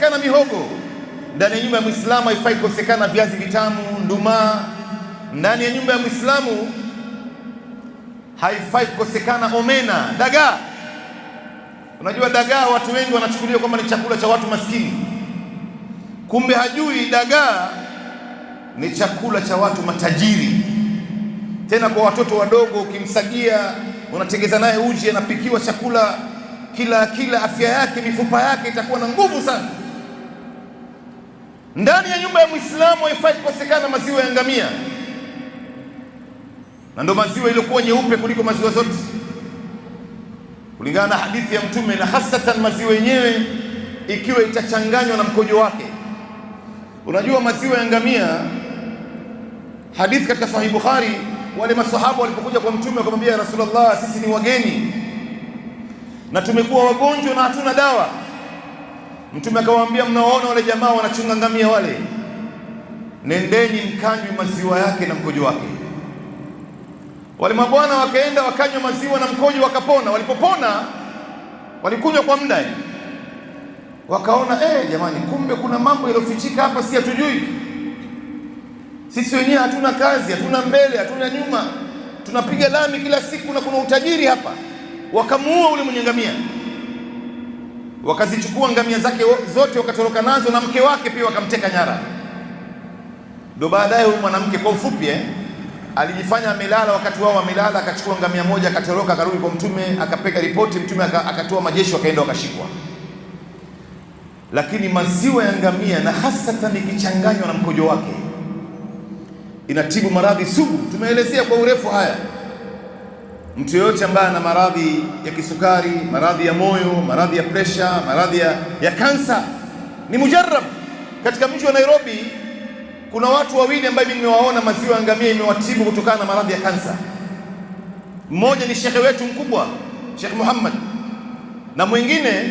kukosekana mihogo ndani ya nyumba ya Muislamu, haifai kukosekana viazi vitamu, ndumaa ndani ya nyumba ya Muislamu, haifai kukosekana omena, dagaa. Unajua dagaa, watu wengi wanachukulia kwamba ni chakula cha watu maskini, kumbe hajui dagaa ni chakula cha watu matajiri. Tena kwa watoto wadogo, ukimsagia unatengeza naye uji, anapikiwa chakula kila kila, afya yake, mifupa yake itakuwa na nguvu sana. Ndani ya nyumba ya Muislamu haifai kukosekana maziwa ya ngamia, na ndo maziwa iliyokuwa nyeupe kuliko maziwa zote kulingana na hadithi ya Mtume, na hasatan maziwa yenyewe ikiwa itachanganywa na mkojo wake. Unajua maziwa ya ngamia, hadithi katika Sahihi Bukhari, wale masahaba walipokuja kwa Mtume wakamwambia, Rasulullah, sisi ni wageni na tumekuwa wagonjwa na hatuna dawa Mtume akamwambia, mnawaona wale jamaa wanachunga ngamia wale, nendeni mkanywe maziwa yake na mkojo wake. Wale mabwana wakaenda wakanywa maziwa na mkojo, wakapona. Walipopona walikunywa kwa muda, wakaona eh, jamani, kumbe kuna mambo yaliyofichika hapa, si hatujui sisi wenyewe. Hatuna kazi, hatuna mbele, hatuna nyuma, tunapiga lami kila siku na kuna utajiri hapa. Wakamuua ule mwenye ngamia. Wakazichukua ngamia zake zote wakatoroka nazo, na mke wake pia wakamteka nyara. Ndo baadaye huyu mwanamke kwa ufupi eh, alijifanya amelala, wakati wao wamelala, akachukua ngamia moja, akatoroka, akarudi kwa Mtume, akapeka ripoti. Mtume akatoa majeshi, wakaenda wakashikwa. Lakini maziwa ya ngamia na hasatan ikichanganywa na mkojo wake inatibu maradhi sugu, tumeelezea kwa urefu haya Mtu yoyote ambaye ana maradhi ya kisukari, maradhi ya moyo, maradhi ya presha, maradhi ya, ya kansa ni mujarab. Katika mji wa Nairobi kuna watu wawili ambao mimi nimewaona maziwa ya ngamia imewatibu kutokana na maradhi ya kansa. Mmoja ni shekhe wetu mkubwa Sheikh Muhammad, na mwingine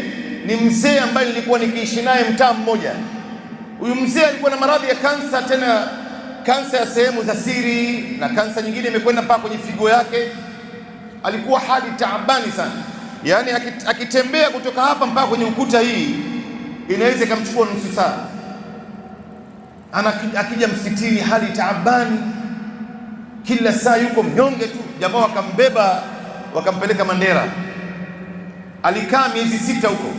ni mzee ambaye nilikuwa nikiishi naye mtaa mmoja. Huyu mzee alikuwa na maradhi ya kansa, tena kansa ya sehemu za siri na kansa nyingine imekwenda mpaka kwenye figo yake alikuwa hadi taabani sana, yaani akitembea kutoka hapa mpaka kwenye ukuta hii inaweza ikamchukua nusu saa. Ana akija msikitini hali taabani, kila saa yuko mnyonge tu. Jamaa wakambeba wakampeleka Mandera, alikaa miezi sita huko,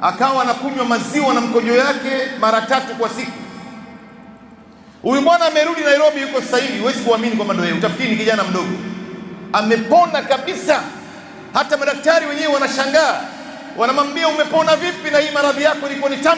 akawa anakunywa maziwa na mkojo yake mara tatu kwa siku. Huyu bwana amerudi Nairobi, yuko sasa hivi, huwezi kuamini kwamba ndio yeye, utafikiri ni kijana mdogo amepona kabisa. Hata madaktari wenyewe wanashangaa, wanamwambia umepona vipi na hii maradhi yako ilikuwa ni